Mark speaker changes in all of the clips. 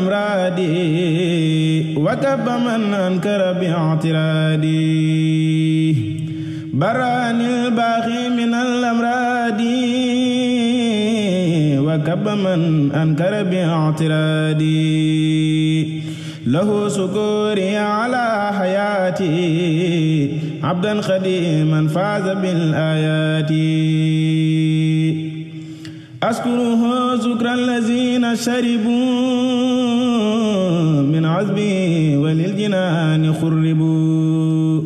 Speaker 1: أمرادي وكب من أنكر باعترادي براني الباغي من الأمراد وكب من أنكر باعترادي له سكوري على حياتي عبدا خديما فاز بالآيات أشكره شكر الذين شربوا من عذبه وللجنان خربوا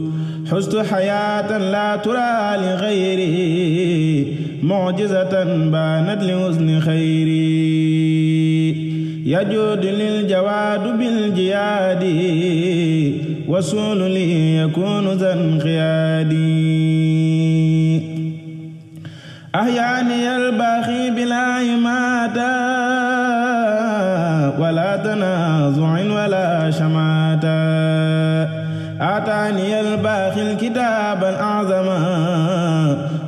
Speaker 1: حزت حياة لا ترى لغيري معجزة بانت لحسن خيري يجود للجواد بالجياد وسول لي يكون ذا انقيادي أحياني الباخي بلا يماتا ولا تنا شماتا أعطاني الباخي الكتاب الأعظما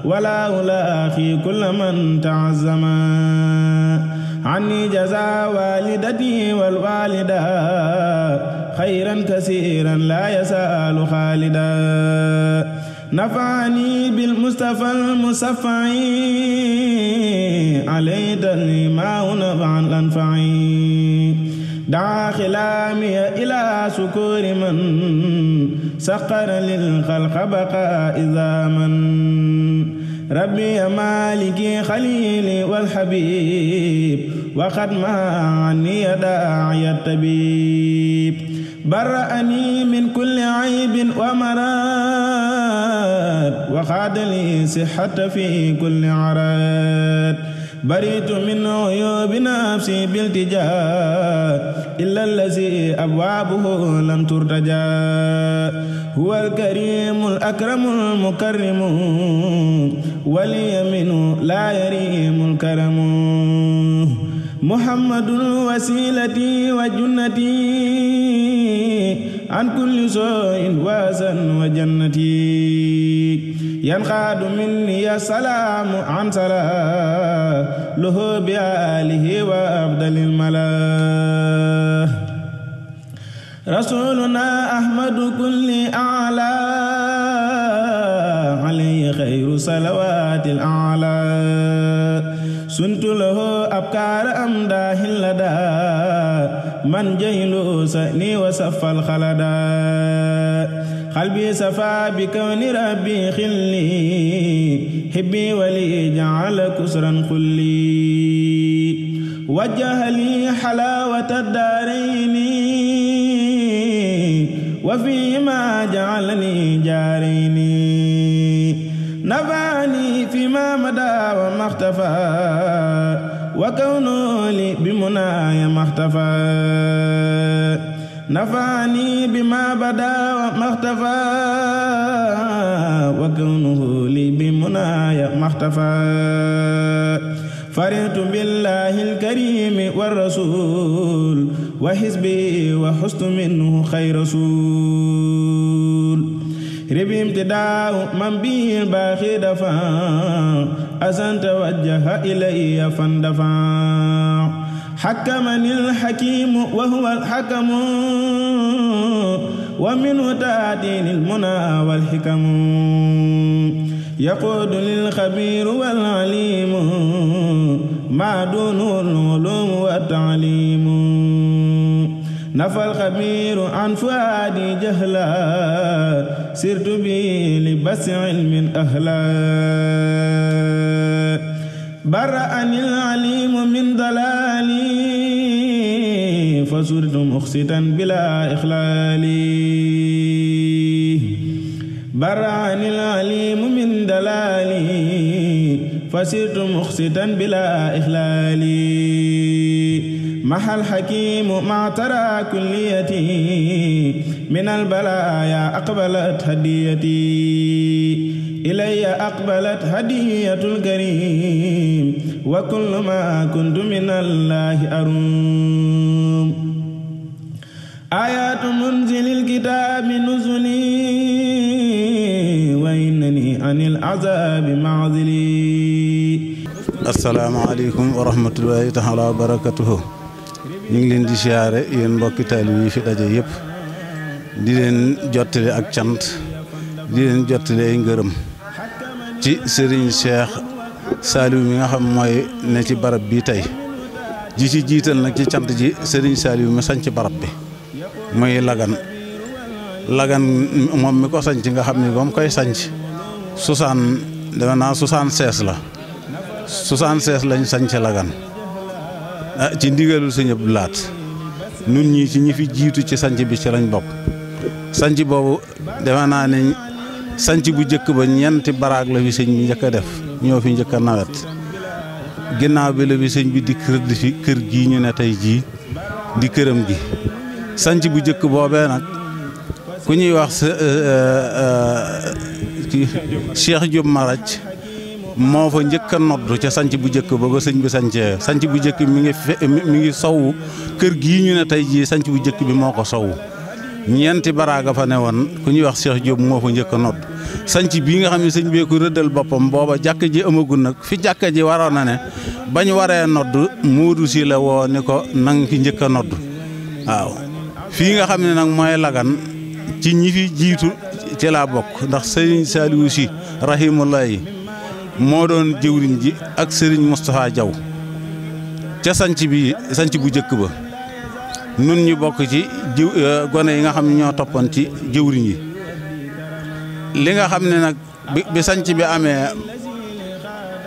Speaker 1: ولا ألاخي كل من تعزما عني جزا والدتي والوالدة خيرا كثيرا لا يسأل خالدا نفعني بالمصطفى المصفع عليتني ما نفعا الأنفعين daa xilaamiya ilaa sukuuri man saqara lil xalqa baqa izaaman rabbiya maaliki xaliili wal xabiib waqad maa anniya daa'iya tabiib barra'anii min kulli aybin wa maraad wa xaadali sixata fi kulli araad baritu min uyubi nafsi biltija illa allazi abwaabuhu lam turtaja huwa alkarimu alakramu almukarrimu waliya minhu la yarimu alkaramu muhammadun wasilati wa junnati an kulli soo'in waasan wa jannati yanqaadu minni salaamu an sala lahu bi alihi wa afdalil mala rasuluna ahmadu kulli ala alayhi xayru salawatil ala suntu lahu abkaar am daahin la daa من جيلوسني وسف الخلدا قلبي سفى بكون ربي خلي حبي ولي جعل كسرا خلي وجه لي حلاوة الدارين وفيما جعلني جارين نفعني فيما مدى وما اختفى wa kawnu li bi munaaya maxtafa nafaani bi ma badaa maxtafa wa kawnu li bi munaaya maxtafa faritu billahi alkarimi wa rasul wa xisbi wa xustu minhu xay rasul ribimti daaw man bi baaxi dafa أسن توجه إلي فاندفع حكمني الحكيم وهو الحكم ومنه تأتيني المنى والحكم يقود للخبير والعليم ما دونه العلوم والتعليم nafal xabiiru an fuaadi jahla sirtu bi li basi ilmin ahla bara anil alimu min dalali fa surtu muxsitan bila ixlaali bara anil alimu min dalali fa surtu muxsitan bila ixlaali mahal hakimu ma tara kulliyati min albalaya aqbalat hadiyati ilayya aqbalat hadiyatul karim wa kullu ma kuntu min allahi arum ayatu munzilil kitabi nuzuli wa innani anil azabi ma'zili
Speaker 2: assalaamu aleykum wa rahmatullahi taala wa barakatuhu ñu ngi leen di siyaare yéen mbokki taalib yi fi daje yëpp di leen jottali ak cant di leen jottali ay ngërëm ci sëriñ Cheikh Saliou mi nga xam mooy ne ci barab bi tey ji ci jiital nag ci cant ji sëriñ Saliou mi sañc barab bi muy lagan lagan moom mi ko sañc nga xam ne moom koy sañc susaan deme naa susaan sees la susaan sees lañ sañc lagan Ah, ci ndigalul sëñ Abdou Lahat nun ñii ci ñi fi jiitu ci sanc bi ci lañ bokk boobu defe naa ne sanc bu njëkk ba ñeenti baraag la fi sëñ bi njëkk a def ñoo fi njëkk a nawet ginnaaw bi la fi sëñ bi dikk kër gii ñu ne tey jii di këram gi sanc bu njëkk boobee nag ku ñuy wax euh, euh, euh, Cheikh Diop Maraj moo fa njëkk a noddu ca sanc bu njëkk ba ko sëñ bi sancee sanc bu njëkk mi ngi mi ngi sowu kër gii ñu ne tey jii sanc bu njëkk bi moo ko sowu ñeenti baraaga fa ne woon ku ñuy wax Cheikh Diop moo fa njëkk a nodd sanc bii nga xam ne sëñ bee ko rëddal boppam booba jàkk ji amagul nag fi jàkk ji waroon na ne bañ waree nodd Modou si la woo ni ko nang ki njëkk a nodd waaw fii nga xam ne nag mooy lagan ci ñi fi jiitu ci laa bokk ndax sëñ Saliou si rahimullahi moo doon jëwriñ ji ak sëriñ Moustapha Diaw ca sanc bi sanc bu njëkk ba nun ñu bokk ci jiw euh, gone yi nga xam ne ñoo toppoon ci jëwriñ yi li nga xam ne nag bi sanc bi amee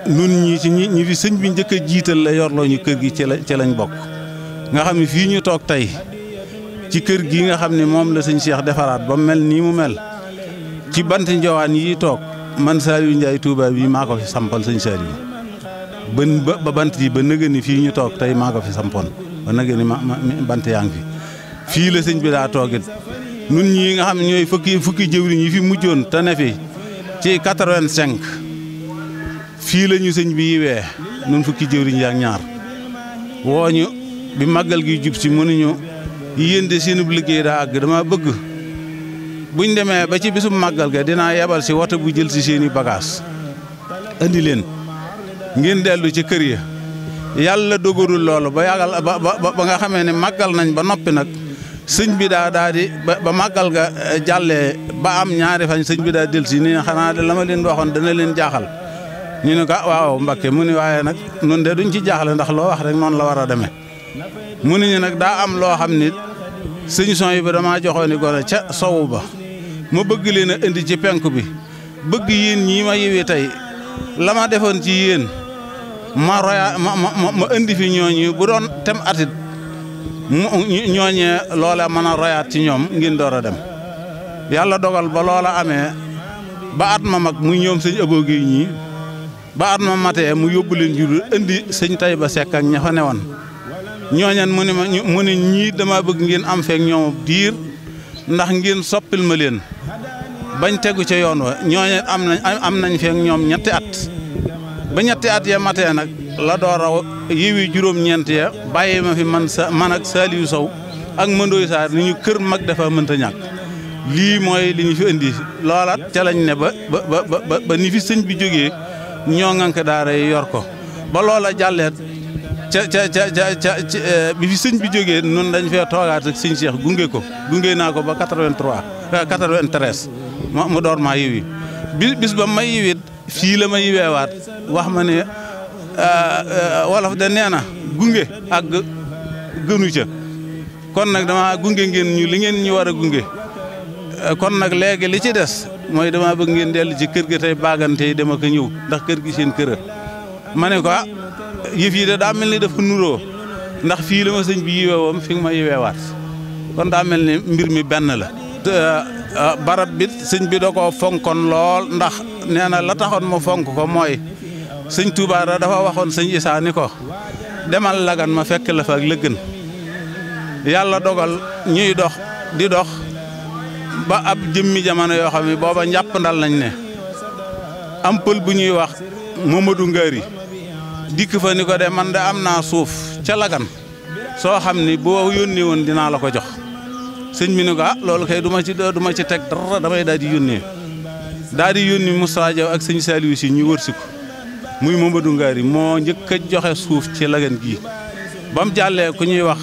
Speaker 2: nun ñi ci ñi fi sëñ bi njëkk jiital la yorloo ñu kër gi ci la lañ bokk nga xam ne fii ñu toog tey ci kër gi nga xam ne moom la sëñ Cheikh defaraat ba mel nii mu mel ci bant njowaan yi toog man Saliou Ndiaye Touba bii maa ko fi sampal sëñ Saliou ba ba bant yi ba nëgë ñu toog tey maa ko fi sampoon ba nëgë ni ma bant fi fii la sëñ bi daa toogit nun ñii nga xam ñooy fukki fukki jëwriñ yi fi mujjoon te ne fi ci 85 fii la ñu sëñ bi yiwee nun fukki jëwriñ yaa ñaar wooñu bi màggal gi jub si mënuñu yéen de seenub liggéey daa àgg dama bëgg buñ demee ba ci bisum màggal ga dinaa yebal si woto bu jël si seen i bagages andi leen ngeen dellu ci kër ya yàlla dogalul loolu ba yàggal ba nga xamee ne màggal nañ ba noppi nag sëñ bi daa daa di ba màggal ga eh, jàllee ba am ñaari fañ sëñ bi daa del si nii xanaa de la ma leen waxoon dana leen jaaxal ñu ne ko ah, waaw Mbàkke mu ni waaye nag nun de duñ ci jaaxle ndax loo wax rek noonu la war a demee mu ni nag daa am loo xam ni sëñ son yi ba damaa gone ca sowu ba ma bëgg leen indi ci penk bi bëgg yéen ñii ma yiwi tey la defoon ci yéen ma roya ma ma ma indi fi ñooñu bu doon tem atit mu ñooñee loola mën a royaat ci ñoom ngeen door a dem yàlla dogal ba loola amee ba at ma mag muy ñoom sëñ aboo gi ñii ba at ma mu yóbbu leen judul indi sëñ tay ba sekk ak ña fa newoon ñooñan ñii dama bëgg ngeen am feek ñoom diir ndax ngeen soppil ma leen bañ tegu ca yoon wa ñooñu am nañ am nañ feek ñoom ñetti at ba ñetti at ya matee nag la door a yiwi juróom-ñeent ya bàyyi ma fi man sa man ak Saliou Sow ak Mandoy Sarr ni ñu kër mag dafa mënta ñàkk lii mooy li ñu fi indi loolat ca lañ ne ba ba ba ba ni fi sëñ bi jóge ñoo ngank daara yi yor ko ba loola jàlleet ca ca ca ca eh, bi fi sëñ bi jógee noonu dañ fee toogaat ak sëñ Cheikh gunge ko gunge naa ko ba 83 93 eh, ma mu door maa yiwi bis bis ba ma yiwit fii la ma yiweewaat wax ma ne eh, wolof de nee na gunge ak gënu ca kon nag dama gunge ngeen ñu li ngeen ñu war a gunge kon nag léegi li ci des mooy dama bëgg ngeen dellu ci kër gi tey baagante yi dama ko ñëw ndax kër gi seen kër ma ne ko ah, yëf yi de daa mel ni dafa nuroo ndax fii la ma sëñ bi yiwee woon fi ma yiwee waat kon daa mel ni mbir mi benn la. Ah, ah, barab bi sëñ bi da koo fonkoon lool ndax nee na la taxoon ma fonk ko mooy sëñ Touba dafa waxoon sëñ Issa ko demal lagan ma fekk la fa ak lëggën yàlla dogal ñuy dox di dox ba ab jëmmi jamono yoo xam booba njàpp ndal nañ ne am pël bu ñuy wax Mamadou Ngari dikk fa ni ko de man de am naa suuf ca lagan soo xam ni boo yónnee woon dinaa la ko jox sëñ bi ni ko ah loolu kay duma ci du ci teg dara damay daal di yónnee daal di yónni Moustapha Diaw ak sëñ Saliou si ñu wër si ko muy Mamadou Ngari moo njëkk joxe suuf ci lagan gii ba mu jàllee ku ñuy wax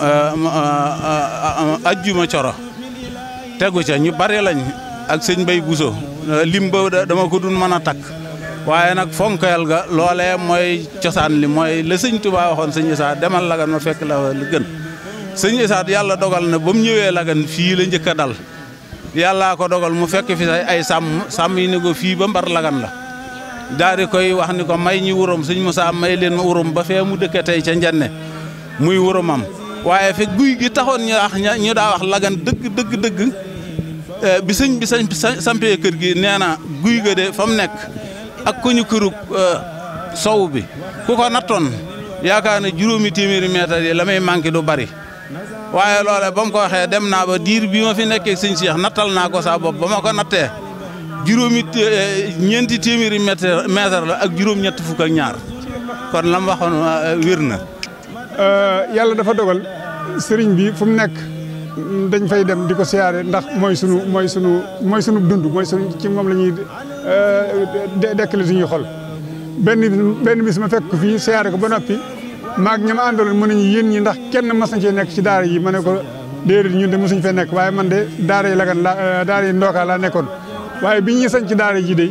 Speaker 2: euh, euh, euh, ajjuma coro tegu ca ñu bari lañ ak sëñ Bay Bousso lim ba dama ko dun mën a takk waaye nag fonkeel ga loole mooy cosaan li mooy la sëñ Tuubaa waxoon sëñ Isaa demal lagan ma fekk la li gën sëñ Isaa yàlla dogal na ba mu ñëwee lagan fii la njëkk a dal yàllaa ko dogal mu fekk fi say ay sàmm sàmm yi ni ko fii ba mbar lagan la daal koy wax ni ko may ñi wurum sëñ Musaa may leen ma wurum ba fee mu dëkke tey ca njenne muy wurumam waaye fekk guy gi taxoon ñu daa wax lagan dëgg dëgg dëgg eh, bi sëñ bi sañ sampee kër gi nee na guy ga de fa mu nekk ak ku ñu kërug euh, sow bi ku ko nattoon yaakaar ne juróomi téeméeri mètre yi la may manqué du bari waaye loole ba mu ko waxee dem naa ba diir bi ma fi nekkee sëñ Cheikh nattal naa ko saa bopp ba ko nattee juróomi euh, ñeenti téeméeri mètre mètre la ak juróom ñett fukk ak ñaar kon la waxoon euh, wér na.
Speaker 3: dafa dogal sëriñ bi fu mu nekk. dañ fay dem di ko siyaare ndax mooy sunu mooy sunu mooy sunu dund mooy sunu ci moom lañuy la ñuy euh, dekkale suñuy xol. benn benn bis ma fekk ko fii siyaare ko ba noppi maag ña ma àndaloon mën nañu yéen ñi ndax kenn mas na cee nekk ci daara yi ma ne ko déedéet ñun de mosuñ fee nekk waaye man de daara yi lagan la euh, daara yi ndookaa laa nekkoon. waaye bi ñuy sañ ci daara ji de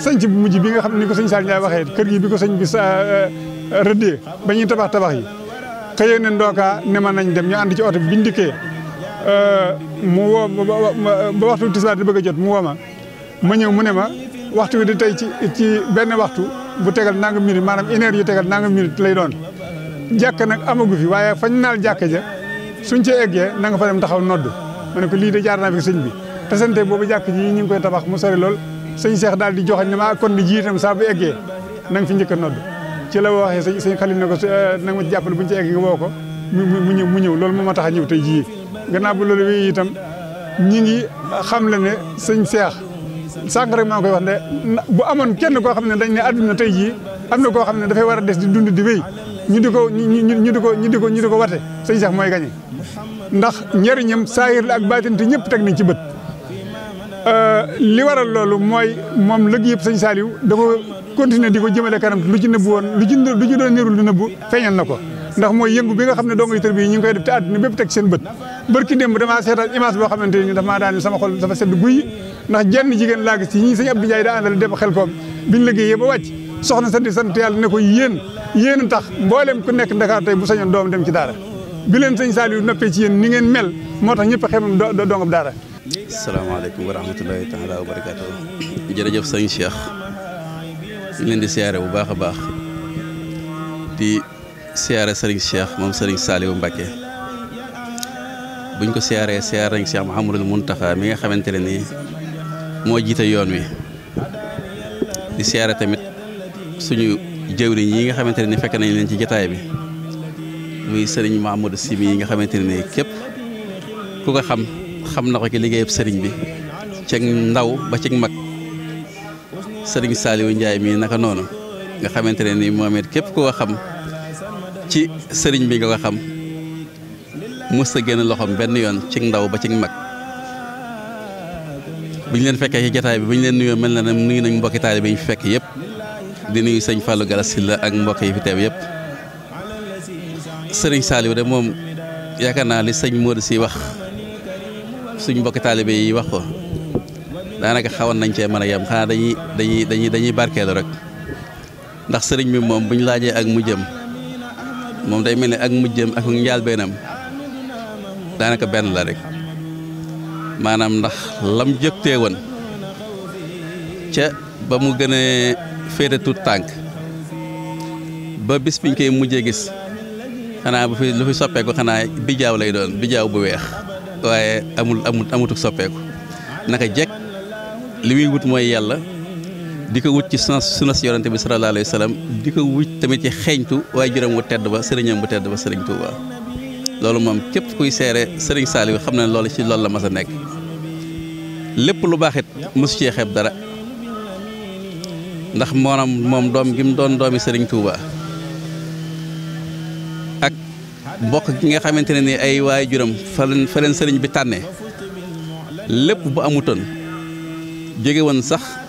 Speaker 3: sañ bu mujj bi nga xam ni ko sëñ Sall ñaay waxee kër gi bi ko sëñ bi sa euh, ba ñuy tabax tabax yi xëyee ne ndookaa ne ma nañ dem ñu ànd ci oto bi biñ dikkee Euh, mu woo ba waxtu tisbaar di bëgg a jot mu woo ma ma ñëw mu ne ma waxtu di tey ci ci benn waxtu bu tegal nangam minute maanaam une heure yu tegal nangam minute lay doon jàkka nag amagu fi waaye fañ naal jàkka suñ cee eggee na nga fa dem taxaw nodd ma ne lii de jaar naa fi sëñ bi te sante boobu jàkk ji ñu ngi koy tabax mu sori lool sëñ Cheikh daal di joxañ ne ma kon di jiitam saa bu eggee na fi njëkk a nodd ci la waxee sëñ Xalil ne ko euh, na nga ma jàppale bu ci eggee nga woo ko mu ñëw mu ñëw loolu moo ma tax ñëw tey jii ganaabu bu loolu wéy itam ñi ngi xam la ne sëñ seex sànq rek maa ngi koy wax ne bu amoon kenn koo xam ne dañ ne àdduna tey jii am na koo xam ne dafay war a des di dund di wéy ñu di ko ñu di ko ñu di ko ñu di ko wate sëñ seex mooy gañe ndax njëriñam saayir la ak baatin te ñëpp teg nañ ci bët euh, li waral loolu mooy moom lëg yëpp sëñ Saliou dafa continuer di ko jëmale kanam lu ci nëbbu woon lu ci lu ci doon nirul lu nëbbu feeñal na ko ndax mooy yëngu bi nga xam ne dongo yi tarbiya ñu ngi koy def te àdduna bépp teg seen bët barki démb damaa seetaan image boo xamante ni damaa sama xol dafa sedd guy ndax jenn jigéen laa gis ci ñii sëñ Abdou Ndiaye daa àndal dem sa di sant ne ko yéen yéen tax mboolem ku nekk Ndakaar tey bu sañoon doom dem ci daara bi leen sëñ Saliou noppee ci yéen ni ngeen mel moo tax ñëpp xemam dongam daara
Speaker 4: salaamaaleykum wa rahmatulahi taala wa barakaatu jërëjëf sëñ Cheikh ñu leen di siyaare bu baax a baax di siyaare sëriñ Cheikh moom sëriñ Saliou Mbacke buñ ko siyaaree siyaare nañ Cheikh Mouhamadul Mountakha mi nga xamante ne nii moo jiite yoon wi di siyaare tamit suñu jëwriñ ñii nga xamante ne ni fekk nañu leen ci jataay bi muy sëriñ Mahamadou Simi yi nga xamante ne nii képp ku ko xam xam na ko ci liggéeyab sëriñ bi ceeg ndaw ba ceeg mag sëriñ Saliou Ndiaye mii naka noonu nga xamante ne nii moom it képp ku ko xam. ci sëriñ bi nga ko xam mës a génn loxoom benn yoon ci ndaw ba ci mag bu ñu leen fekkee ci jataay bi bu ñu leen nuyoo mel na ne nuyu nañ mbokki taalibe yi ñu fekk yëpp di nuyu sëñ Fallou Galass Sylla ak mbokk yi fi teew yëpp sëriñ Saliou de moom yaakaar naa li sëñ Modou siy wax suñ mbokki taalibe yi wax ko daanaka xawoon nañ cee mën a yem xanaa dañuy dañuy dañuy dañuy barkeelu rek ndax sëriñ bi moom bu ñu laajee ak mu jëm. moom day mel ni ak mujjam ak njaalbeenam daanaka benn la rek maanaam ndax lam jëgtee woon ca ba mu gën a féete tànk ba bis biñ koy mujje gis xanaa bu fi lu fi soppeeku xanaa bijaaw lay doon bijaaw bu weex waaye amul amul amutuk soppeeku naka jekk li muy wut mooy yàlla di ko wut ci sunna si yonante bi sallallahu alayhi wa di ko wut tamit ci xeeñtu waaye juróom wu tedd ba sëriñam bu tedd ba sëriñ Touba loolu moom képp kuy seere sëriñ Saliou xam na ne loolu ci loolu la ma sa nekk lépp lu baax it mosu cee xeeb dara ndax moonam moom doom gi mu doon doomi sëriñ Touba ak mbokk gi nga xamante ne ni ay waaye juróom fa leen sëriñ bi tànnee lépp bu amutoon jóge sax.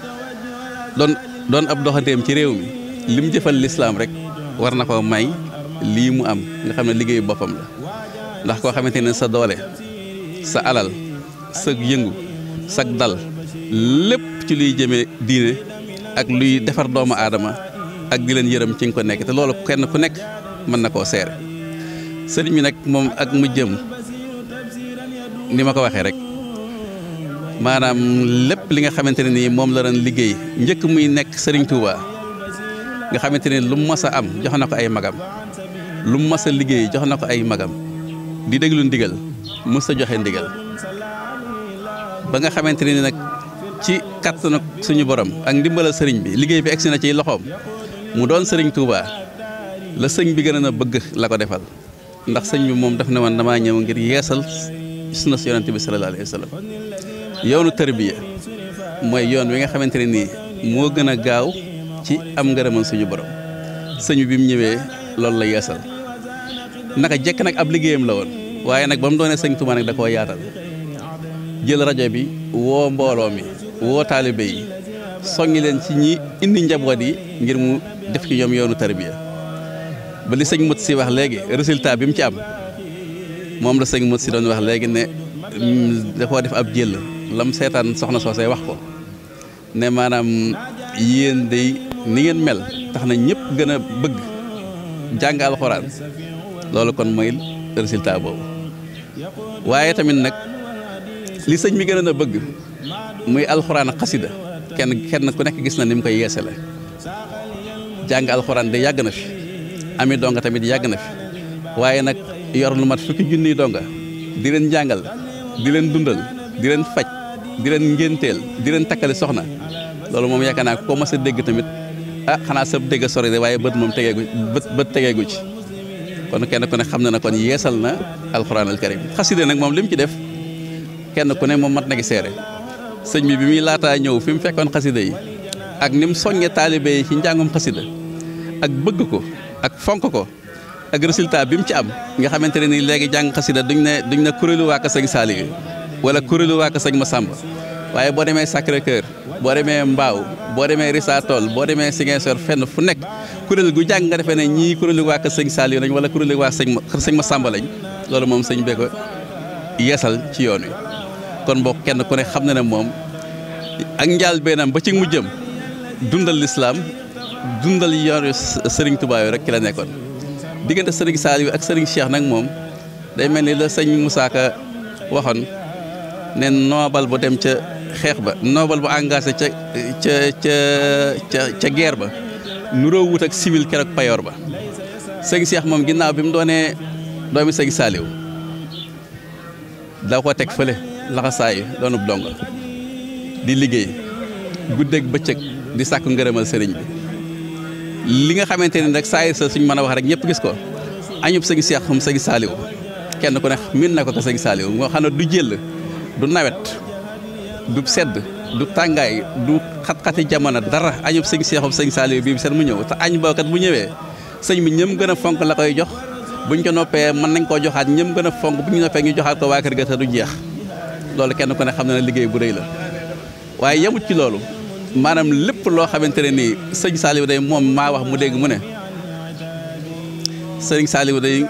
Speaker 4: doon ab doxanteem ci réew mi li mu jëfal lislaam rek war na ko may lii mu am nga xam ne liggéey boppam la ndax koo xamante ne sa doole sa alal sag yëngu sa dal lépp ci luy jëmee diine ak luy defar doomu aadama ak di leen yërëm ci nga ko nekk te loolu kenn ku nekk mën na koo seere sëriñ bi nag moom ak mu jëm ni ma ko waxee rek maanaam lépp li nga xamante ne nii moom la doon liggéey njëkk muy nekk Serigne Touba nga xamante ne lu mu a am jox na ko ay magam lu mu a liggéey jox na ko ay magam di déglu ndigal mës sa joxe ndigal ba nga xamante ni nag ci kattanu suñu borom ak ndimbalal sëriñ bi liggéey bi egsi na ciy loxoom mu doon Serigne Touba la sëñ bi gën a bëgg la ko defal ndax sëñ bi moom daf ne woon damaa ñëw ngir yeesal sunna si yonente bi sallallahu wa sallam yoonu tërbiya mooy yoon wi nga xamante ne nii moo gën a gaaw ci am ngërëmal suñu borom sëñ bi mu ñëwee loolu la yeesal naka jekk nag ab liggéeyam la woon waaye nag ba mu doonee sëñ Tuubaa nag da koo yaatal jël rajo bi woo mbooloo mi woo taalibe yi soññi leen ci ñi indi njaboot yi ngir mu def ci ñoom yoonu tarbiya ba li sëñ mët si wax léegi résultat bi mu ci am moom la sëñ mot si doon wax léegi ne mm, dafoo def ab jël lam seetaan soxna soosee wax ko ne maanaam yéen de ni ngeen mel tax na ñëpp gën a bëgg jàng alxuraan loolu kon mooy résultat boobu waaye tamit nag li sëñ bi gën a bëgg muy alxuraan ak xasida kenn kenn ku nekk gis na ni mu koy yeesale jàng alxuraan de yàgg na fi ami donga tamit yàgg na fi waaye nag yor lu mat fukki junniy donga di leen jàngal di leen dundal di leen faj di leen ngénteel di leen takkale soxna loolu moom yaakaar naa ko mas a dégg tamit ah xanaa sa dégg sori de waaye bët moom tegeegu bët bët tegeegu ci kon kenn ku ne xam na ne kon yeesal na alxuraan al karim xaside nag moom li mu ci def kenn ku ne moom mat na ki seere sëñ bi bi muy laataa ñëw fi mu fekkoon xaside yi ak ni mu soññe taalibe yi ci njàngum xasida ak bëgg ko ak fonk ko ak résultat bi mu ci am nga xamante ne nii léegi jàng xasida duñ ne duñ ne kuréelu waa Kër Sëñ Saaliw wala kuréelu waa ko sëñ Massamba waaye boo demee Sacré boo demee Mbaaw boo demee Rissa Toll boo demee Ziguinchor fenn fu nekk kuréel gu jàng nga defee ne ñii kuréelu waa ko sëñ Saliou lañ wala kuréelu waa sëñ sëñ Massamba lañ loolu moom sañ bee ko yeesal ci yoon wi kon boo kenn ku ne xam na ne moom ak njaal beenam ba ci mujjëm dundal lislaam dundal yoonu sëriñ Tuubaa rek ki la nekkoon diggante sëriñ Saliou ak sëriñ Cheikh nag moom day mel ni la sëñ Moussa Ka waxoon ne noobal bu dem ca xeex ba noobal bu engagé ca ca ca ca ca ba nuroo wut ak civil keroog payoor ba sëñ Cheikh moom ginnaaw bi mu doonee doomi sëñ Saliou daa ko teg fële laxasaayu doonub dong di liggéey guddeeg bëccëg di sàkku ngërëmal sëriñ bi li nga xamante ne rek saa sa suñ mën a wax rek ñëpp gis ko añub sëñ Cheikh moom sëñ Saliou kenn ku ne min na ko ko sëñ Saliou moo xam ne du jël du nawet du sedd du tàngaay du xat-xati jamono dara añub sëñ seexub sëñ Saliou bii bi seen mu ñëw te añ bookat bu ñëwee sëñ bi ñëm gën a fonk la koy jox buñ ko noppee mën nañ koo joxaat ñëm gën a fonk bu ñu noppee ñu joxaat ko waa kër ga te du jeex loolu kenn ku ne xam na liggéey bu rëy la waaye yemut ci loolu maanaam lépp loo xamante ne nii sëñ Saliou day moom maa wax mu dégg mu ne sëñ Saliou day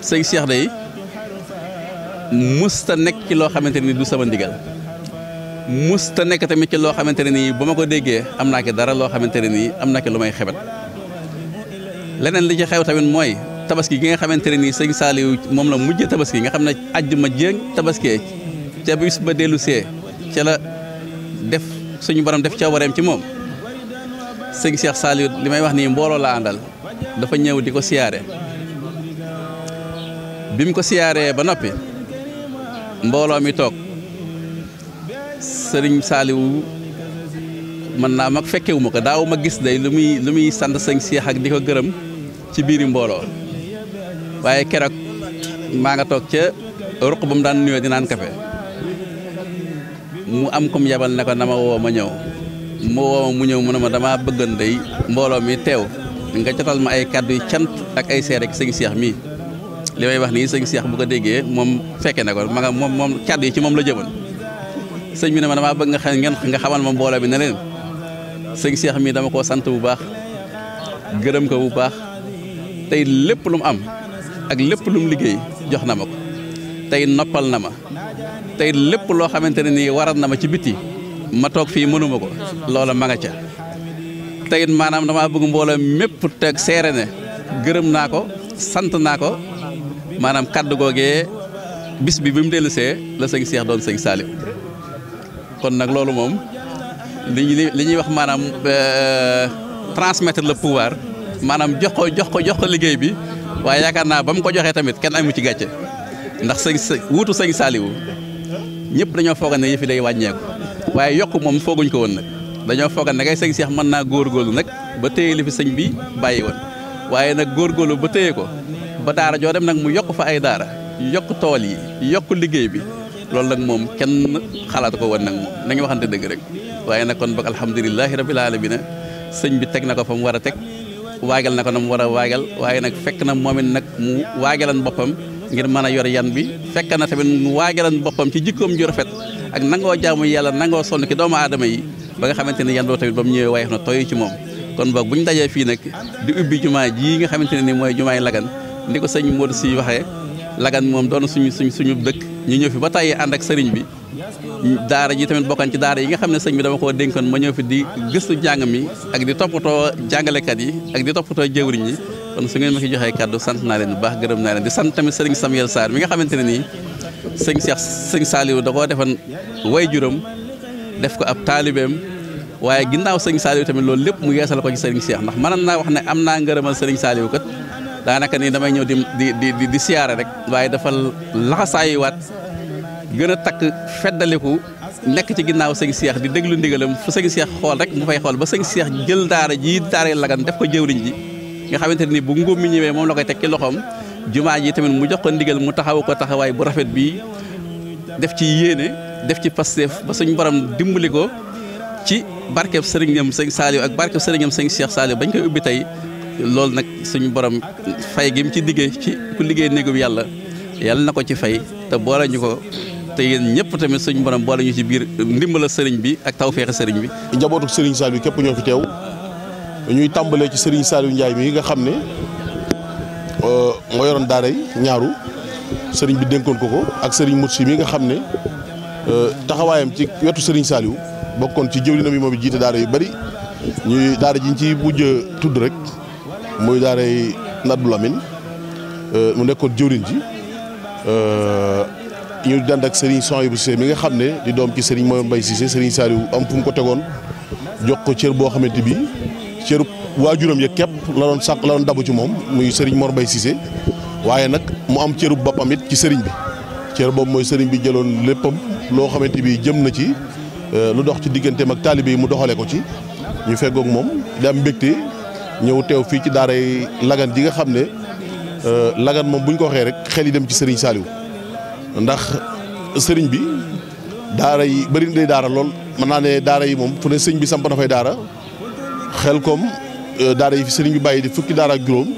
Speaker 4: sëñ Cheikh day mus ta nekk ci loo xamante ni du sama ndigal mus musta nekk tamit ci loo xamante ne nii bu ma ko déggee am naa ki dara loo xamante ne nii am na ki lu may xebet leneen li ci xew tamit mooy tabaski gi nga xamante ne nii sëñ Saliou moom la mujj tabaski nga xam ne àjjuma jéeg tabaskee ca bis ba dellusee see ca la def suñu borom def caawareem ci moom sëñ Cheikh Saliou li may wax nii mbooloo laa àndal dafa ñëw di ko siyaare bi mu ko siyaaree ba noppi. mbooloo mi toog sëriñ Saaliwu mën naa mag fekkewu ma ko daaw ma gis day lu muy lu muy sant sëñ Seex ak di ko gërëm ci biiri mbooloo waaye keroog maa nga toog ca ruq ba mu daan nuyoo di naan kafe mu am kum yabal ne ko na ma woo ma ñëw mu woo ma mu ñëw mu ne ma damaa bëggan day mbooloo mi teew nga jotal ma ay kàddu yu cant ak ay seere ak sëñ Seex mii li may wax nii sëñ Cheikh bu ko déggee moom fekke na ko ma nga moom moom kàddu yi ci moom la jëmoon sëñ bi na ma damaa bëgg nga xam nga xamal ma mbooloo bi ne leen sëñ Cheikh mii dama koo sant bu baax gërëm ko bu baax tey lépp lu am ak lépp lum liggéey jox na ma ko tey noppal na ma tey lépp loo xamante ne nii waral na ma ci biti ma toog fii mënuma ko loola ma nga ca tey it maanaam damaa bëgg mbooloo mépp teg seere ne gërëm naa ko sant naa ko maanaam kaddu googee bis bi bi mu dellusee la sëñ Seex doon sëñ Saaliw kon nag loolu moom li ñuy li ñuy wax maanaam euh, transmettre la pouvoir maanaam jox ko jox ko jox ko liggéey bi waaye yaakaar naa ba mu ko joxee tamit kenn mu ci gàcce ndax sëñ sa wuutu sëñ Saaliw ñëpp dañoo fooga ne yëfi day wàññeeku waaye yokk moom fooguñ ko woon nag dañoo fooga ne kay sëñ Seex mën naa góor góorgóorlu nag ba téye li fi sëñ bi bàyyi woon waaye nag góorgóorlu ba téye ko ba daara joo dem nag mu yokk fa ay daara yokk tool yi yokk liggéey bi loolu nag moom kenn xalaatu ko woon nag moom nañu waxante dëgg rek waaye nag kon boog alhamdulilahi rabil alamina sëñ bi teg na ko fa mu war a teg waagal na ko na mu war a waagal waaye nag fekk na moom it nag mu waagalan boppam ngir mën a yor yan bi fekk na tamit mu waagalan boppam ci jikkoom ju rafet ak nangoo jaamu yàlla nangoo sonn ki doomu aadama yi ba nga xamante ne yan boobu ba mu ñëwee na tooy ci moom kon boog bu ñu dajee fii nag di jumaa ji nga xamante ne ni mooy jumaay Lagan ni ko sëñ Modou si waxee Lagane moom doon suñu suñ suñu dëkk ñu ñëw fi ba tàyyi ànd ak sëriñ bi daara ji tamit bokkan ci daara yi nga xam ne sëñ bi dama koo dénkoon ma ñëw fi di gëstu njàng mi ak di toppatoo jàngalekat yi ak di toppatoo jëwriñ yi kon su ngeen ma ki joxee kàddu sant naa leen bu baax gërëm naa leen di sant tamit sëriñ Samuel Sarr mi nga xamante ne nii sëñ seex sëñ Saliou da koo defoon way juróom def ko ab taalibeem waaye ginnaaw sëñ Saliou tamit loolu lépp mu yeesal ko ci sëriñ Cheikh ndax mënoon naa wax ne am naa ngërëmal sëriñ Saliou kat daanaka nii damay ñëw di di di di siyaare rek waaye dafa laxasaayuwaat gën a takk feddaliku nekk ci ginnaaw sëñ Cheikh di déglu ndigalam fu sëñ Cheikh xool rek mu fay xool ba sëñ Cheikh jël daara jii daara lagan def ko jëwriñ ji nga xamante ni bu nguum mi ñëwee moom la koy teg ci loxoom jumaa ji tamit mu jox ko ndigal mu taxaw ko taxawaay bu rafet bii def ci yéene def ci pasteef ba suñ borom dimbali ko ci barkeb sëriñam sëñ Saliou ak barkeb sëriñam sëñ Cheikh Saliou bañ koy ubbi tey loolu nag suñu borom fay gi mu ci liggéey ci ku liggéey néegub yàlla yàlla na ko ci fay te boole ñu ko te yéen ñëpp tamit suñu borom boole ñu ci biir ndimbala sëriñ bi ak tawféexe sëriñ bi.
Speaker 5: njabootu sëriñ Saliou képp ñoo fi teew ñuy tàmbalee ci sëriñ Saliou Ndiaye mi nga xam ne moo yoroon ñaaru sëriñ bi dénkoon ko ko ak sëriñ Mutsi mi nga xam ne taxawaayam ci wetu sëriñ Saliou bokkoon ci jëwriñam yi moom it jiite daara yu bari ñuy daara ji ñu ci tudd rek. muy daaray Nat Bu Lamin euh, mu nekkoon jëwriñ ji euh, ñu dand ak Serigne Souhaïbou Cissé mi nga xam ne di doom ci Serigne Moyo Mbaye Cissé Serigne Saliou am fu mu ko tegoon jox ko cër boo xamante bi cëru waajuram ya képp la doon dabu ci moom muy Serigne Mor Mbaye waaye nag mu am cëru boppam ci Serigne bi cër boobu mooy sëriñ bi jëloon léppam loo xamante bii jëm na ci euh, lu dox ci digganteem ak taalibe yi mu doxalee ko ci ñu feggoog moom di am ñëw teew fii ci daara yi Lagan ji nga xam ne euh, Lagan moom bu ñu ko waxee rek xel yi dem ci sëriñ Saliou ndax sëriñ bi daara yi bëri na daara lool mën naa ne daara yi moom fu ne sëñ bi samp na fay daara xel koom euh, daara yi fi sëriñ bi bàyyi di fukki daara ak juróom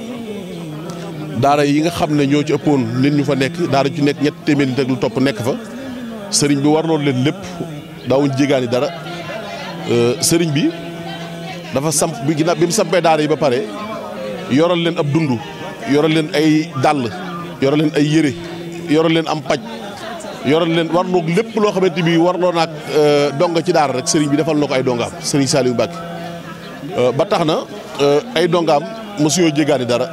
Speaker 5: daara yi nga xam ne ñoo ci ëppoon nit ñu fa nekk daara ci nekk ñett téeméeri nit ak lu topp nekk fa sëriñ bi war loolu leen lépp daawuñ jéegaani dara euh, sëriñ bi. dafa samp bi nag bi mu sampee daara yi ba pare yoral leen ab dund yoral leen ay dàll yoral leen ay yére yoral leen am paj yorol leen war loog lépp loo xamante bi warloo naag euh, donga ci daara rek sëriñ bi defal na ko ay dongaam sëriñ Saliou Mbacke euh, ba tax na euh, ay dongaam mosuñoo jégaani dara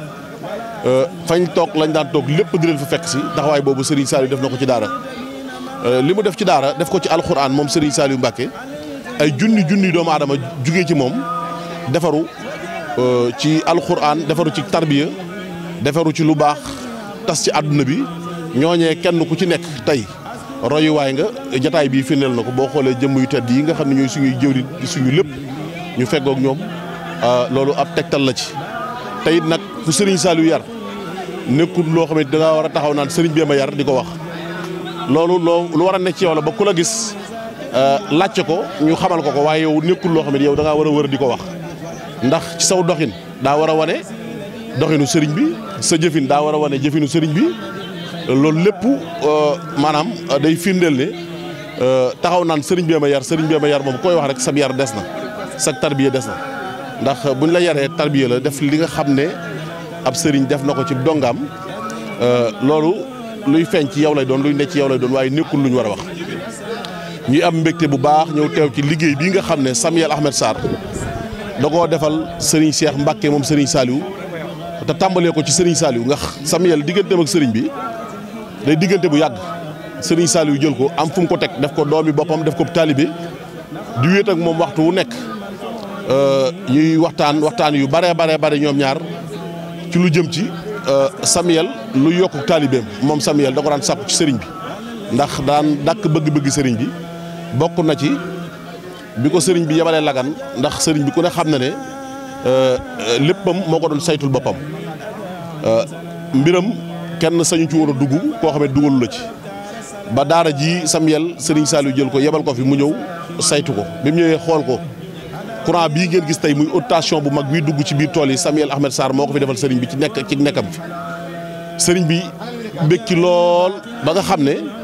Speaker 5: fañ toog lañ daan toog lépp di leen fa fekk si taxawaay boobu sëriñ Saliou def na ko ci daara li mu def ci daara def ko ci alxuraan moom sëriñ Saliou Mbacke ay junni junni doomu aadama jugee ci moom defaru euh, ci alxuraan defaru ci tarbiya defaru ci lu baax tas ci àdduna bi ñooñee kenn ku ci nekk tey royuwaay nga jataay bii firndeel na ko boo xoolee jëmm yu tedd yi nga xam ne ñooy suñuy jëw di suñu lépp ñu feggoog ñoom euh, loolu ab tegtal la ci tey it nag fu Serigne Saliou yar nekkul loo xam ne da war a taxaw naan Serigne bee ma yar di ko wax loolu loo lu war a nekk ci yow la ba ku gis euh, laajte ko ñu xamal ko ko waaye yow loo xam ne danga da ngaa war a wër di ko wax ndax ci saw doxin daa war a wane doxinu sëriñ bi sa jëfin daa war a wane jëfinu sëriñ bi loolu lépp euh, maanaam euh, day firndeel ne euh, taxaw naan sëriñ bee ma yar sëriñ bee ma yar moom koy wax rek sab des na sa tarbiya des na ndax buñ la yaree tarbiya la def li nga xam ne ab sëriñ def na ko ci dongaam loolu luy feeñ ci yow lay doon luy ne ci yow lay doon waaye nekkul lu ñu war a wax ñuy am mbégte bu baax ñëw teew ci liggéey bii nga xam ne Samuel Ahmed Sarr da koo defal Serigne Cheikh Mbacke moom Serigne Saliou te tàmbalee ko ci Serigne Saliou nga Samuel digganteem ak Serigne bi day diggante bu yàgg Serigne Saliou jël ko am fum ko teg def ko doomi boppam def ko taalibe di wéet ak moom waxtu wu nekk euh, ñuy waxtaan waxtaan yu baree baree bare ñoom ñaar ci lu jëm ci euh, Samuel lu yokk taalibeem moom Samuel da ko daan sàpp ci sëriñ bi ndax daan dàkk bëgg-bëgg sëriñ bi bokk na ci. bi ko sëriñ bi yebalee lagan ndax sëriñ bi ku ne xam na ne euh, léppam moo ko doon saytul boppam euh, mbiram kenn sañu ci war a dugg koo xam ne dugalu la ci ba daara ji Samuel sëriñ Saliou jël ko yebal ko fi mu ñëw saytu ko bi mu ñëwee xool ko courant bii ngeen gis tey muy rotation bu mag bii dugg ci biir tool yi Samuel Ahmed saar moo ko fi defal sëriñ bi ci nekk ci nekkam fi sëriñ bi békki lool ba nga xam ne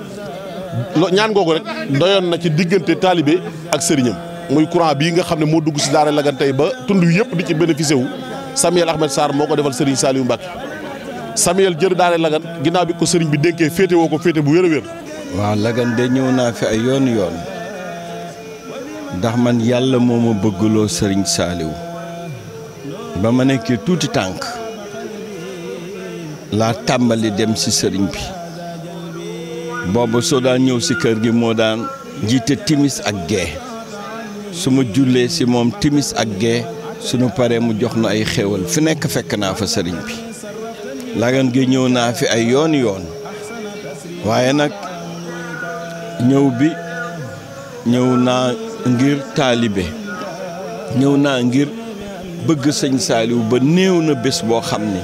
Speaker 5: ñaan googu rek doyoon na ci diggante taalibe ak sëriñam muy courant bii nga xam ne moo dugg si daara lagan tey ba tund yëpp di ci bénéficié wu Samuel Ahmed Sarr moo ko defal sëriñ Saliou Mbacke Samuel jër daara Lagane ginnaaw bi ko sëriñ bi dénkee féete ko féete bu wér a wér waaw Lagane de ñëw naa fi ay
Speaker 6: yoon yoon ndax man yàlla moo ma bëggloo sëriñ Saliou ba ma nekkee tuuti tànk laa tàmbali dem si sëriñ bi boobu soo daan ñëw si kër gi moo daan njiite timis ak gee su ma jullee si moom timis ak gee suñu paree mu jox na ay xéwal fi nekk fekk naa fa sëriñ bi lagan gi ñëw naa fi ay yoon yoon waaye nag ñëw bi ñëw naa ngir taalibe ñëw naa ngir bëgg sëñ saaliw ba néew na bés boo xam ni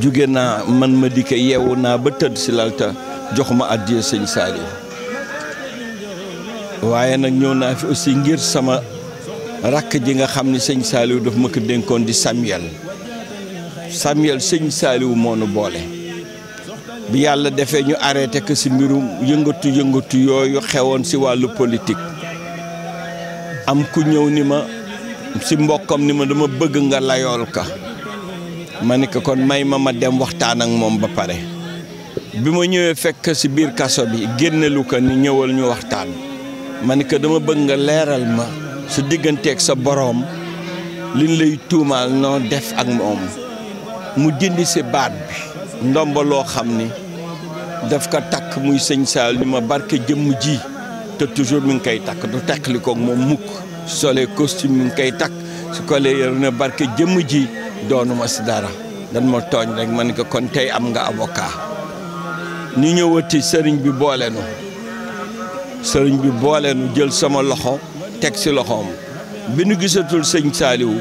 Speaker 6: jóge naa man ma di ko yeewu naa ba tëdd ci lalta jox ma àddiya sëñ Saliou waaye nag ñëw naa fi aussi ngir sama rakk ji nga xam ne sëñ Saliou daf ma ko dénkoon di Samuel Samuel sëñ Saliou moo boole bi yàlla defee ñu arrêté ko ci mbirum yëngatu yëngatu yooyu xewoon si wàllu politik am ku ñëw ni ma ci mbokkam ni ma dama bëgg nga layool ka ma ni ko kon may ma ma dem waxtaan ak moom ba pare bi ma ñëwee fekk si biir kaso bi génne lu ko ni ñëwal ñu waxtaan ma ni ko dama bëgg nga leeral ma su digganteeg sa boroom liñ lay tuumaal noo def ak moom mu dindi si baat bi ndomba loo xam ni daf ko takk muy sëñ Saal ma barke jëmm ji te toujours mi ngi koy takk du teqli koog moom mukk sole solee mi ngi koy takk su kolee yor na barke jëmm ji doonuma si dara dan ma tooñ rek ma ne ko kon tey am nga avocat ñu ñëwati sëriñ bi boole nu sëriñ bi boole nu jël sama loxo teg ci loxoom bi nu gisatul sëñ Saaliwu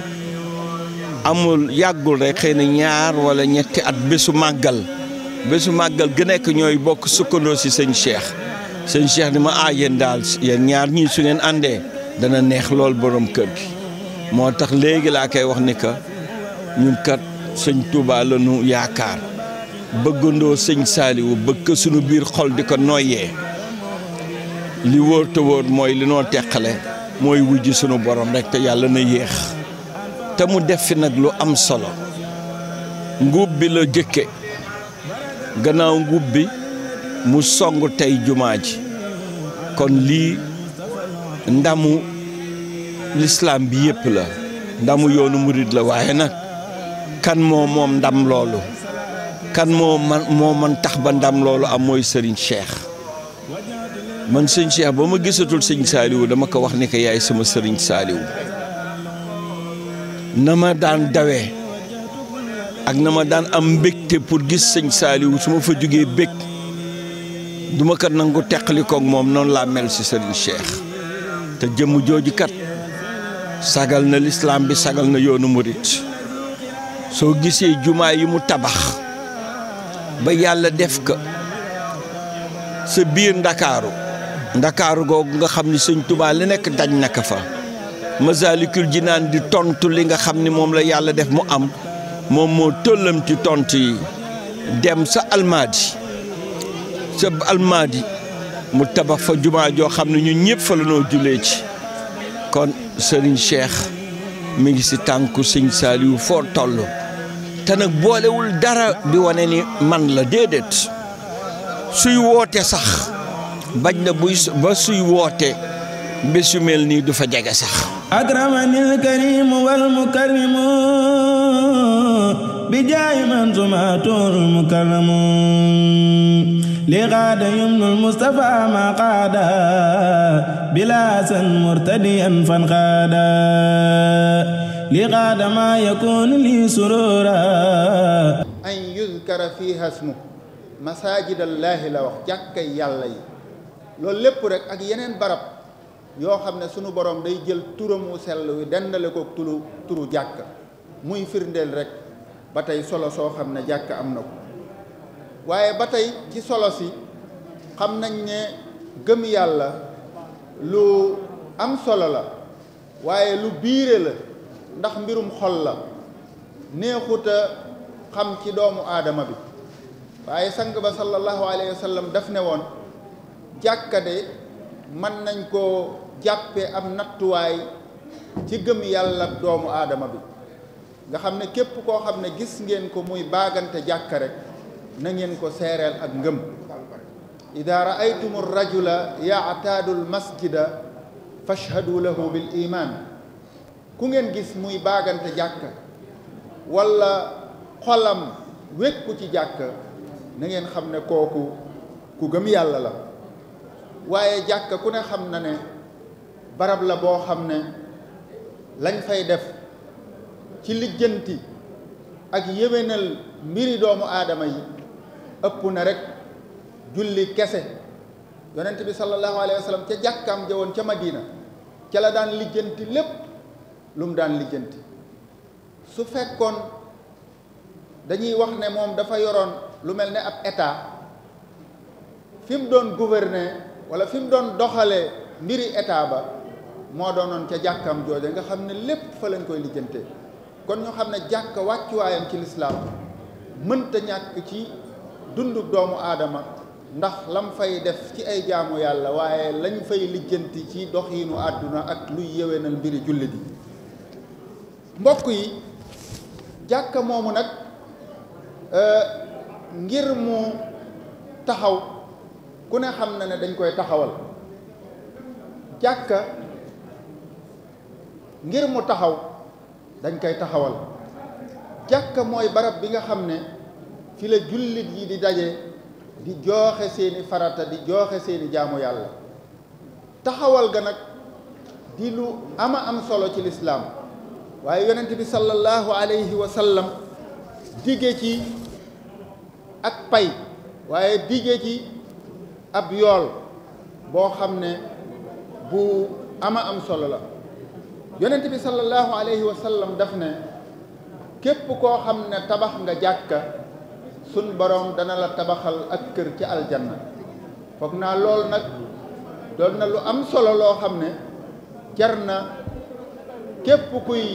Speaker 6: amul yàggul rek xëy na ñaar wala ñetti at bésu màggal bésu màggal gi nekk ñooy bokk sukkandoo si sëñ Cheikh sëñ Cheikh ni ma ah yéen daal yéen ñaar ñii su ngeen àndee dana neex lool boroom kër gi moo tax léegi laa koy wax ni que ñun kat sëñ Touba la yaakaar. bëggandoo sëñ saaliwu bëgg suñu biir xol di ko noyyee li wóor te wóor mooy li noo teqale mooy wujj sunu borom rek te yàlla na yéex te mu def fi nag lu am solo nguub bi la jëkke gannaaw nguub bi mu song tey jumaa ji kon lii ndamu lislaam bi yépp la ndamu yoonu murid la waaye nag kan moo moom ndam loolu kan moo man moo man tax ba ndam loolu am mooy Serigne Cheikh man sëñ Cheikh ba ma gisatul sëñ saaliwu dama ko wax ni que yaay sama Serigne Saliou na ma daan dawe ak na ma daan am mbégte pour gis sëñ Saliou su ma fa jógee bég duma ko nangu teqalikook moom noonu laa mel si Serigne Cheikh te jëmm jooju kat sagal na lislaam bi sagal na yoonu murit soo gisee jumaa yi mu tabax ba yàlla def ko sa biir ndakaaru ndakaaru googu nga xam ni sëñ Tuubaa li nekk dañ na ko fa Masaalikul Jinaan di tontu li nga xam ni moom la yàlla def mu am moom moo tëllam ci tontu yi dem sa almaadi sa almaadi mu tabax fa jumaa joo xam ne ñun ñëpp fa la noo julee ci kon sëriñ Cheikh mi ngi ci tànku sëñ Saaliw foo toll te nag boolewul dara bi wane ni man la déedéet suy woote sax bañ na buy ba suy woote bés yu mel nii du fa jege sax
Speaker 1: akramani alkarim wal mukarrim bi jaay man sumaatoor mukarram li xaada yumnul Mustafa ma xaada bilaasan murtadiyan fan xaada li xaada ma yakunu li surura an
Speaker 7: yuzkara fiha ismu masajidallaahi la wax jàkkay yàlla yi loolu lépp rek ak yeneen barab yoo xam ne sunu borom day jël turam wu sell dendale ko turu turu jàkk muy firndeel rek ba tey solo soo xam ne jàkk am na ko waaye ba tey ci solo si xam nañ ne gëm yàlla lu am solo la waaye lu biire la ndax mbirum xol la neexuta xam ci doomu aadama bi waaye sang ba sallallahu alayhi wa sallam daf ne woon jàkkade mën nañ koo jàppe am nattuwaay ci gëm yàlla doomu aadama bi nga xam ne képp koo xam ne gis ngeen ko muy baagante jàkka rekk na ngeen ko seereel ak ngëm ida raaytumu rajula yaataadu almasjida fashhadu lahu bil iman ku ngeen gis muy baagante jàkka walla xolam wékku ci jàkka na ngeen xam ne kooku ku gëm yàlla la waaye jàkka ku ne xam na ne barab la boo xam ne lañ fay def ci lijjanti ak yéwénal mbiri doomu aadama yi ëpp na rek julli kese yonent bi sallallahu alayhi wa ca jàkkaam ja woon ca Madina ca la daan lijjanti lépp lu mu daan lijjanti su fekkoon dañuy wax ne moom dafa yoroon lu mel ne ab état fi mu doon gouverner wala fi mu doon doxale mbiri état ba moo doon doonoon ca jàkkam jooja nga xam ne lépp fa lañ koy lijjante kon ñu xam ne jàkk wàccuwaayam ci lislaam mënta ñàkk ci dunduk doomu aadama ndax lam fay def ci ay jaamu yàlla waaye lañ fay lijjanti ci doxiinu àdduna ak luy yéwénal mbiri jullit bi mbokk yi jàkka moomu nag euh, ngir mu taxaw ku ne xam na ne dañ koy taxawal jàkka ngir mu taxaw dañ koy taxawal jàkka mooy barab bi nga xam ne fi la jullit yi di daje di jooxe seeni farata di jooxe seeni jaamu yàlla taxawal ga nag di lu ama am solo ci lislaam waaye yonent bi sallallahu alayhi wa sallam digge ci ak pay waaye digge ci ab yool boo xam ne bu ama am solo la yonent bi sallallahu alayhi wa sallam daf ne képp koo xam ne tabax nga jàkka sun borom dana la tabaxal ak kër ci aljanna foog naa lool nag doon na lu am solo loo xam ne jar na képp kuy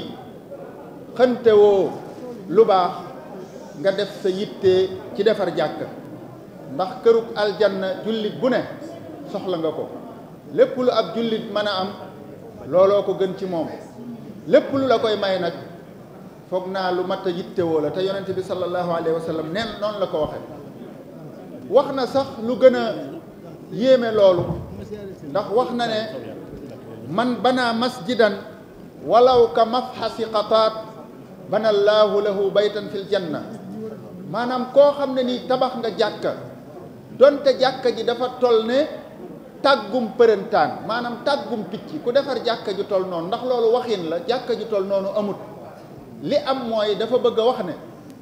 Speaker 7: xëntewoo lu baax nga def sa yitte ci defar jàkk ndax këru aljanna jullit bu ne soxla nga ko lépp lu ab jullit mën a am looloo ko gën ci moom lépp lu la koy may nag foog naa lu mat a yittewoo la te yonent bi sallallahu alayhi wa sallam neen noonu la ko waxe wax na sax lu gën a yéeme loolu ndax wax na ne man bana masjidan walaw ka mafxasi xataat bana laahu lahu baytan fil janna maanaam koo xam ne nii tabax nga jàkka donte jàkka ji dafa toll ne tàggum përëntaan maanaam tàggum picc ku defar jàkka ju toll noonu ndax loolu waxin la jàkka ju toll noonu amut li am mooy dafa bëgg a wax ne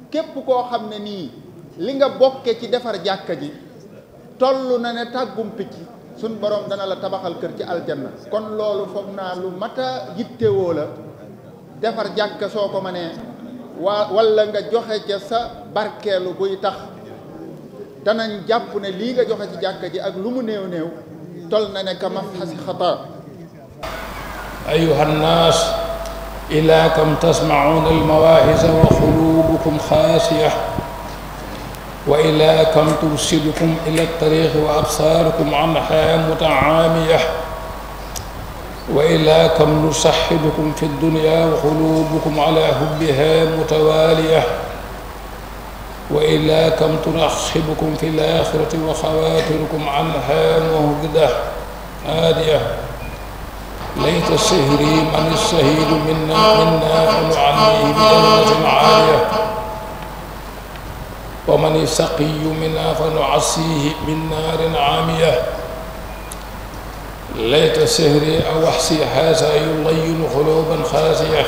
Speaker 7: képp koo xam ne nii li nga bokke ci defar jàkka ji toll na ne tàggum picc suñ borom dana la tabaxal kër ci aljanna kon loolu foog naa lu mat a yittewoo la defar jàkka soo ko mënee waa walla nga joxe ca sa barkeelu buy tax danañ jàpp ne lii nga joxe ci jàkka ji ak lu mu néew néew toll na ne ka mafxasi
Speaker 8: xataa ayuha nnaas إلىكم تسمعون المواعظ وقلوبكم خاشعة وإلىكم ترشدكم إلى الطريق وأبصاركم عنها متعامية وإلىكم نصحبكم في الدنيا وقلوبكم على حبها متوالية وإلىكم ترحبكم في الآخرة وخواتركم عنها مهدة هادئة ليت شهري من الشهيد منا منا ونعنيه بجنة عالية ومن السقي منا فنعصيه من نار عامية ليت سهري أو أحسي هذا يلين قلوبا خاسية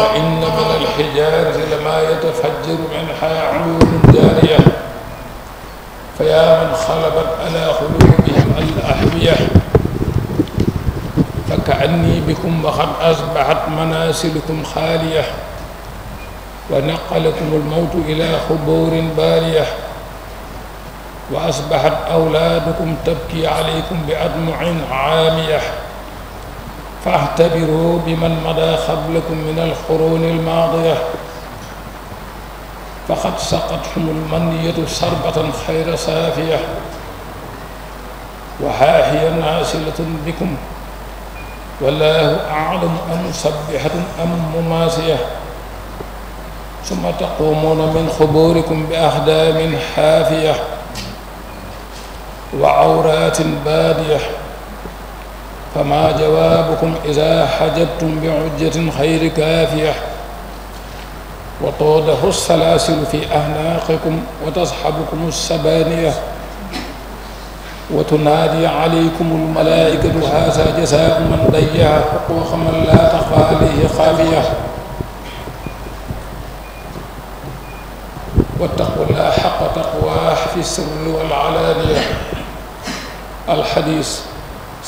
Speaker 8: فإن من الحجارة لما يتفجر منها عيون جارية فيا من خلبت على قلوبهم الأحمية فكأني بكم وقد أصبحت مناسلكم خالية ونقلكم الموت إلى قبور بالية وأصبحت أولادكم تبكي عليكم بأدمع عامية فاعتبروا بمن مضى قبلكم من القرون الماضية فقد سقتهم المنية سربة خير سافية وها هي ناصلة بكم wallaahu aalamu am musabbihatun am mumaasiya summa taquumuuna min xuburikum bi axdaamin xaafiya wa awraatin baadiya famaa jawaabukum idaa xajabtum bi xujjatin xayri kaafiya wa toodahu salaasilu fi axnaaqikum wa tasxabukum sabaaniya wa tunaadi alaykum almalaikatu haasa jasaau man dayyaa xuquuqa man laa taxfa alayhi xaafiya wattaqullaa xaqa taqwaa fi sirri wal alaaniya alxadiis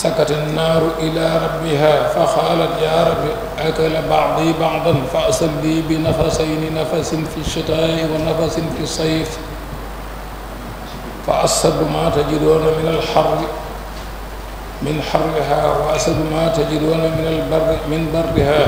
Speaker 8: sakat annaaru ilaa rabbiha fa xaalat yaa rabbi akala bacdi bacdan fa asalli bi nafasayni nafasin fi shitaai wa nafasin fi sayf fa asadu ma tajidoona min alxarri min xarriha wa asadu ma tajidoona min albarri min barriha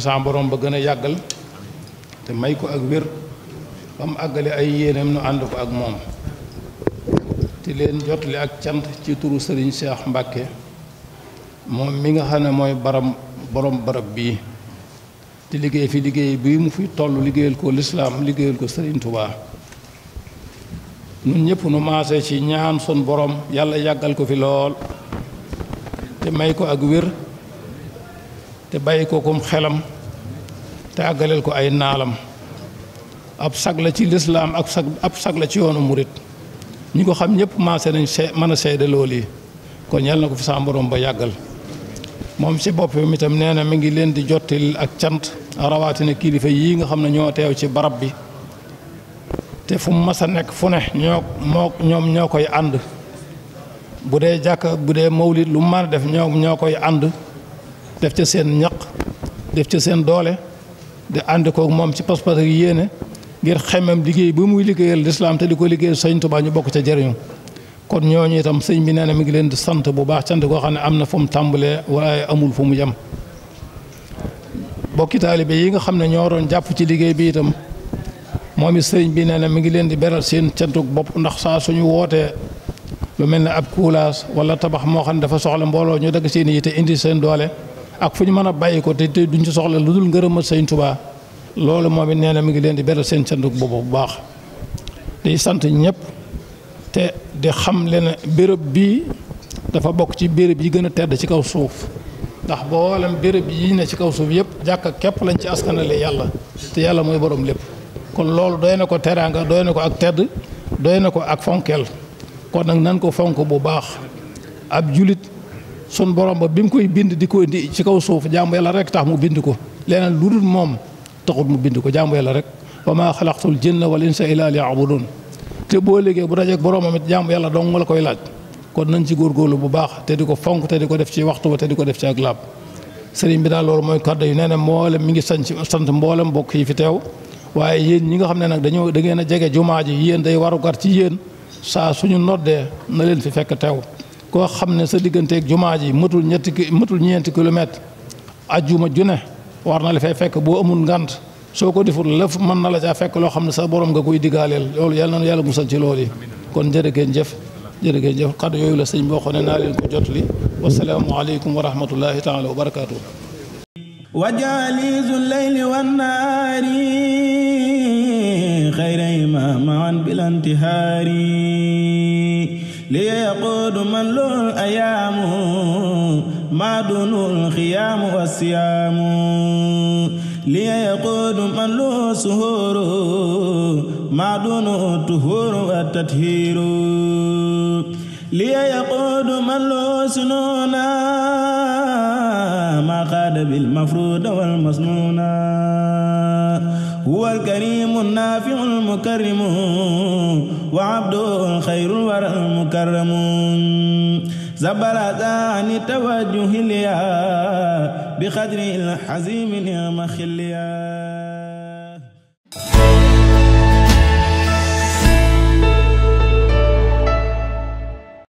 Speaker 8: ko saa boroom ba gën a yàggal te may ko ak wér ba mu àggale ay yéeneem nu ànd ko ak moom ti leen jotali ak cant ci turu sëriñ seex Mbàkke moom mi nga xam ne mooy baram borom barab bii di liggéey fi liggéey bii mu fi tollu liggéeyal ko lislaam liggéeyal ko sëriñ Tubaa nun ñëpp nu maase ci ñaan son boroom yàlla yàggal ko fi lool te may ko ak wér te bàyyi ko kum xelam te àggaleel ko ay naalam ab sag la ci lislaam ak sag ab sag la ci yoonu murit ñi ko xam ñëpp maase nañ see man a seede lool yi kon yal na ko fi sa ba yàggal moom ci boppam itam nee na mi ngi leen di jottil ak cant rawatina kilifa yii nga xam ne ñoo teew ci barab bi te fu mu mas nekk fu ne ñoo ñoom ñoo koy ànd bu dee jàkk bu dee mawlit lu mu mën def ñoom ñoo koy ànd def ca seen ñaq def ca seen doole di ànd ko moom ci pas-pas ak yéene ngir xemem liggéey ba muy liggéeyal lislaam te di ko liggéeyal sëñ Tuubaa ñu bokk ca jëriñu kon ñooñu itam sëñ bi nee na mi ngi leen di sant bu baax sant koo xam ne am na fu mu tàmbalee waaye amul fu mu yem bokki taalibe yi nga xam ne ñoo jàpp ci liggéey bi itam moom it sëñ bi nee na mi ngi leen di beral seen cantuk bopp ndax saa suñu wootee lu mel ne ab kuulaas wala tabax moo xam ne dafa soxla mbooloo ñu dagg seen yi te indi seen doole ak fu ñu mën a bàyyi ko te te duñ ci soxla lu dul ngërëmal sëñ Tuubaa loolu moom it nee na mi ngi leen di beral seen sant boobu bu baax di sant ñëpp te di xam leen béréb bii dafa bokk ci béréb yi gën a tedd ci kaw suuf ndax boolem béréb yi ne ci kaw suuf yëpp jàkka képp lañ ci askanale yàlla te yàlla mooy boroom lépp kon loolu doy na ko teraanga doy na ko ak tedd doy na ko ak fonkeel kon nag nan ko fonk bu baax ab julit sun borom ba bi mu koy bind di ko ndi ci kaw suuf jaamu yàlla rek tax mu bind ko leneen lu dul moom taxul mu bind ko jaamu yàlla rek wa maa xalaqtul jinna wal insa illa liya'budun te boo liggéey bu dajeek boroomam it jaamu yàlla dong la koy laaj kon nañ ci góorgóorlu bu baax te di ko fonk te di ko def ci waxtu ba te di ko def ci ak laab sëriñ bi loolu mooy kàddu yu nee ne mboolem mi ngi sañ ci sant mboolem bokk yi fi teew waaye yéen ñi nga xam ne nag dañoo da ngeen a jege jumaa ji yéen day warugar ci yéen saa suñu noddee na leen fi fekk teew koo xam ne sa digganteeg jumaa ji matul ñetti ki matul ñeenti kilomètre ajjuma june war na la fay fekk boo amul ngant soo ko deful la mën na la jaa fekk loo xam ne sa borom nga koy digaaleel loolu yàlla na yàlla musal ci loolu yi kon jërëgeen jëf jërëgeen jëf kàddu yooyu la sëñ boo xam ne naa leen ko jot li wasalaamu aleykum wa rahmatullahi taala wa barakaatu
Speaker 1: وجاليز الليل والنهار خير إماما بلا انتهار ليقود من له الأيام ما دونه الخيام والصيام ليقود من له سهور ما دونه الطهور والتطهير ليقود من له سنونا ما قاد بالمفروض والمسنونا هو الكريم النافع المكرم وعبده خير الورى المكرم زبر ذان توجه ليا بقدر الحزيم نعم خليا